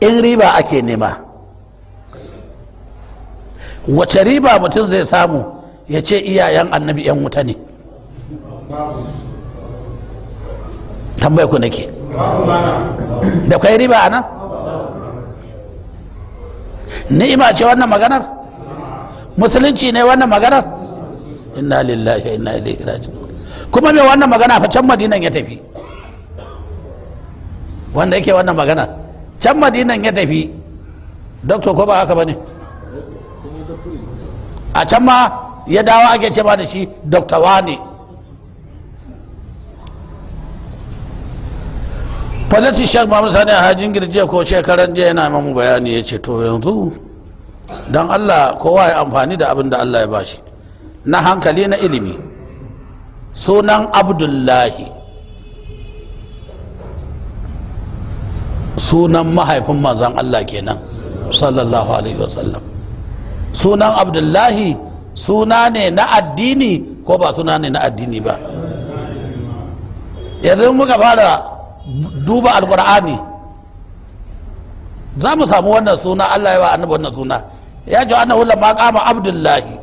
in riba ake nema wace riba mutum zai samu ya ce iyayen annabi 'yan wuta ne tambaye ku nake da kai riba a nan ni'ima ce wannan maganar musulunci ne wannan maganar inna lillahi inna ilaihi raji'un kuma mai wannan magana fa can madinan ya tafi wanda yake wannan magana can madinan ya tafi doktor ko ba haka ba ne a can ma ya dawo ake ce ba da shi doktor wane falati shek muhammad sani a hajjin girje ko shekaran jiya yana mamu bayani ya ce to yanzu don allah kowa ya amfani da abin da allah ya bashi na hankali na ilimi sunan abdullahi sunan mahaifin manzan Allah kenan sallallahu alaihi wasallam sunan abdullahi suna ne na addini ko ba suna ne na addini ba yanzu muka fara duba alkur'ani za mu samu wannan suna Allah ya wa annabi wannan suna ya ji annahu lamma qama abdullahi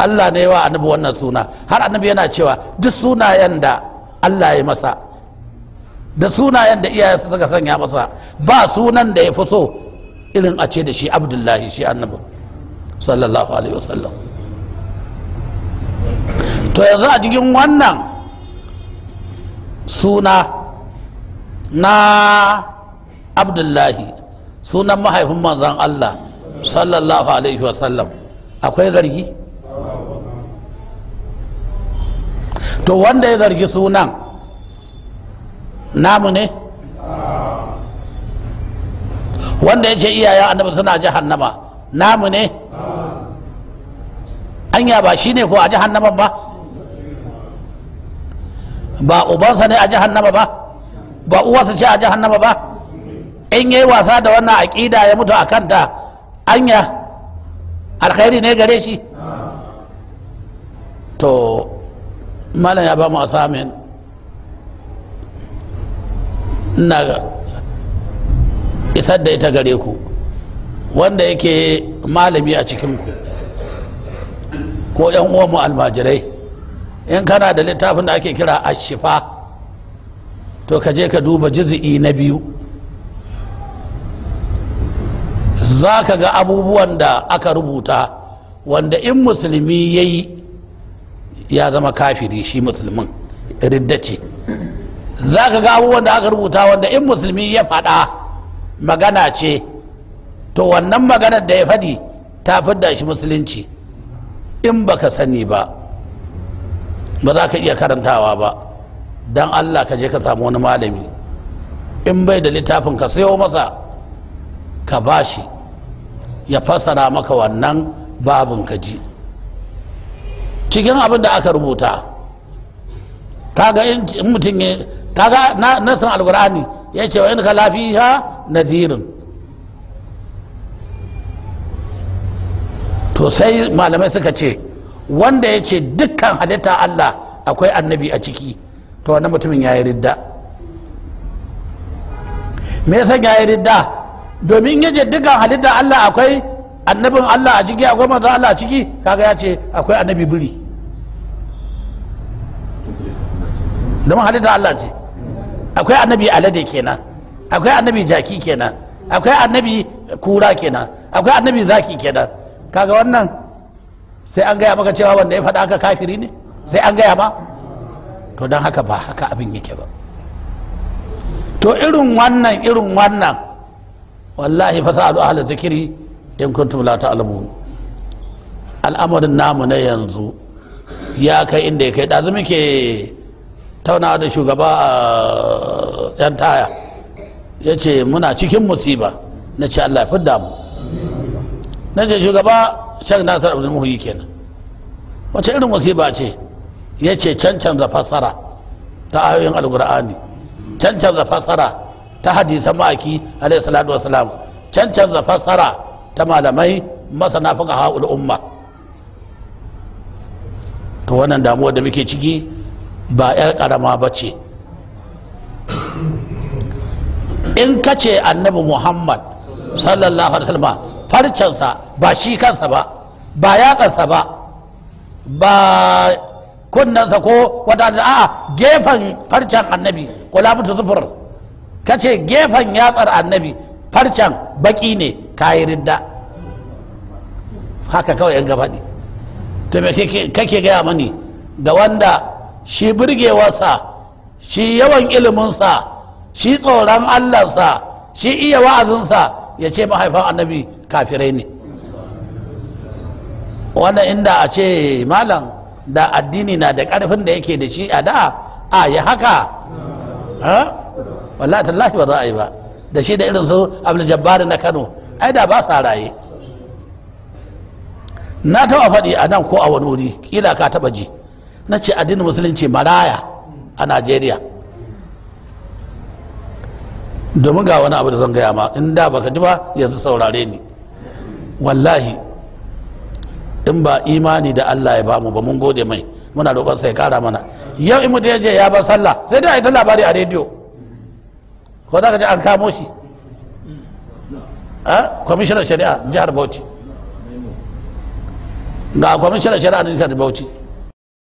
Allah ne ya wa annabi wannan suna har annabi yana cewa duk sunayen da Allah ya masa da sunayen da iyaye su suka sanya masa ba sunan da ya fi so irin a ce da shi abdullahi shi annabi sallallahu alaihi wasallam to yanzu a cikin wannan suna na abdullahi sunan mahaifin manzan allah sallallahu alaihi wasallam akwai zargi to wanda ya zargi sunan namu ne wanda ya ce iyayen annabi suna jahannama namu ne anya ba shi ne ko a jahannaman ba ba ubansa ne a jahannama ba ba uwarsa ce a jahannama ba in yi wasa da wannan aƙida ya mutu a kanta anya alkhairi ne gare shi to malam ya ba mu asamin ina isar da ita gare ku wanda yake malami a cikinku ko yan uwanmu almajirai in kana da littafin da ake kira ashifa to ka je ka duba jizi'i na biyu za ka ga abubuwan da aka rubuta wanda in musulmi ya yi ya zama kafiri shi musulmin ridda ce za ka ga abubuwan da aka rubuta wanda in musulmi ya faɗa magana ce to wannan maganar da ya faɗi ta fidda shi musulunci in ba ka sani ba ba za ka iya karantawa ba don allah ka je ka samu wani malami in bai da littafin ka sayo masa ka bashi ya fassara maka wannan babin ka ji cikin abin da aka rubuta kaga in mutum kaga na nasan alqur'ani ya ce wa in ka lafiya nadhirun to sai malamai suka ce wanda ya ce dukkan halitta Allah akwai annabi a ciki to wannan mutumin ya yi ridda me yasa ya yi ridda domin yaje dukkan halitta Allah akwai annabin Allah a ciki akwai manzon Allah a ciki kaga ya ce akwai annabi biri dama halitta Allah ce akwai annabi alade kenan akwai annabi jaki kenan akwai annabi kura kenan akwai annabi zaki kenan kaga wannan sai an gaya maka cewa wanda ya faɗa haka kafiri ne sai an gaya ma to don haka ba haka abin yake ba to irin wannan irin wannan wallahi fa sa'alu ahla zikiri in kuntum la ta'lamun al'amarin namu na yanzu ya kai inda ya kai ɗazu muke tauna da shugaba a yan taya ya ce muna cikin musiba na ce allah fi damu na ce shugaba shan nasar abu muhuyi kenan wace irin musiba ce ya ce cancanza fassara ta ayoyin alkur'ani cancanza fasara ta hadisan ma'aiki alaihi salatu cancan cancanza fassara ta malamai masana fuka ha'ul umma to wannan damuwa da muke ciki ba 'yar karama ba ce in ka ce annabi muhammad sallallahu alaihi wasallam farcensa ba shi kansa ba ba yatsansa ba ba kunnansa ko wata a gefen farcen annabi kula mutu zufur ka ce gefen yatsar annabi farcen baki ne yi ridda haka kawai yan gaba ne to me kake gaya mani da wanda shi burgewarsa shi yawan iliminsa shi tsoron allansa shi iya wa'azinsa ya ce mahaifan annabi kafirai ne wannan inda a ce malam da addini na da karfin da yake da shi a da a yi haka wallahi tallahi ba za a yi ba da shi da irin su abdul na kano ai da ba sa raye na taɓa faɗi a nan ko a wani wuri ƙila ka taɓa ji na ce addinin musulunci maraya a najeriya domin ga wani abu da zan gaya ma in da baka ji ba yanzu saurare ni wallahi in ba imani da allah ya ba mu ba mun gode mai muna roƙon sai kara mana yau in mutum je ya ba sallah sai dai a yi ta labari a rediyo ko za ka ji an kamo shi eh, kwamishinan shari'a jihar bauchi ga kwamishinan shari'a jihar bauchi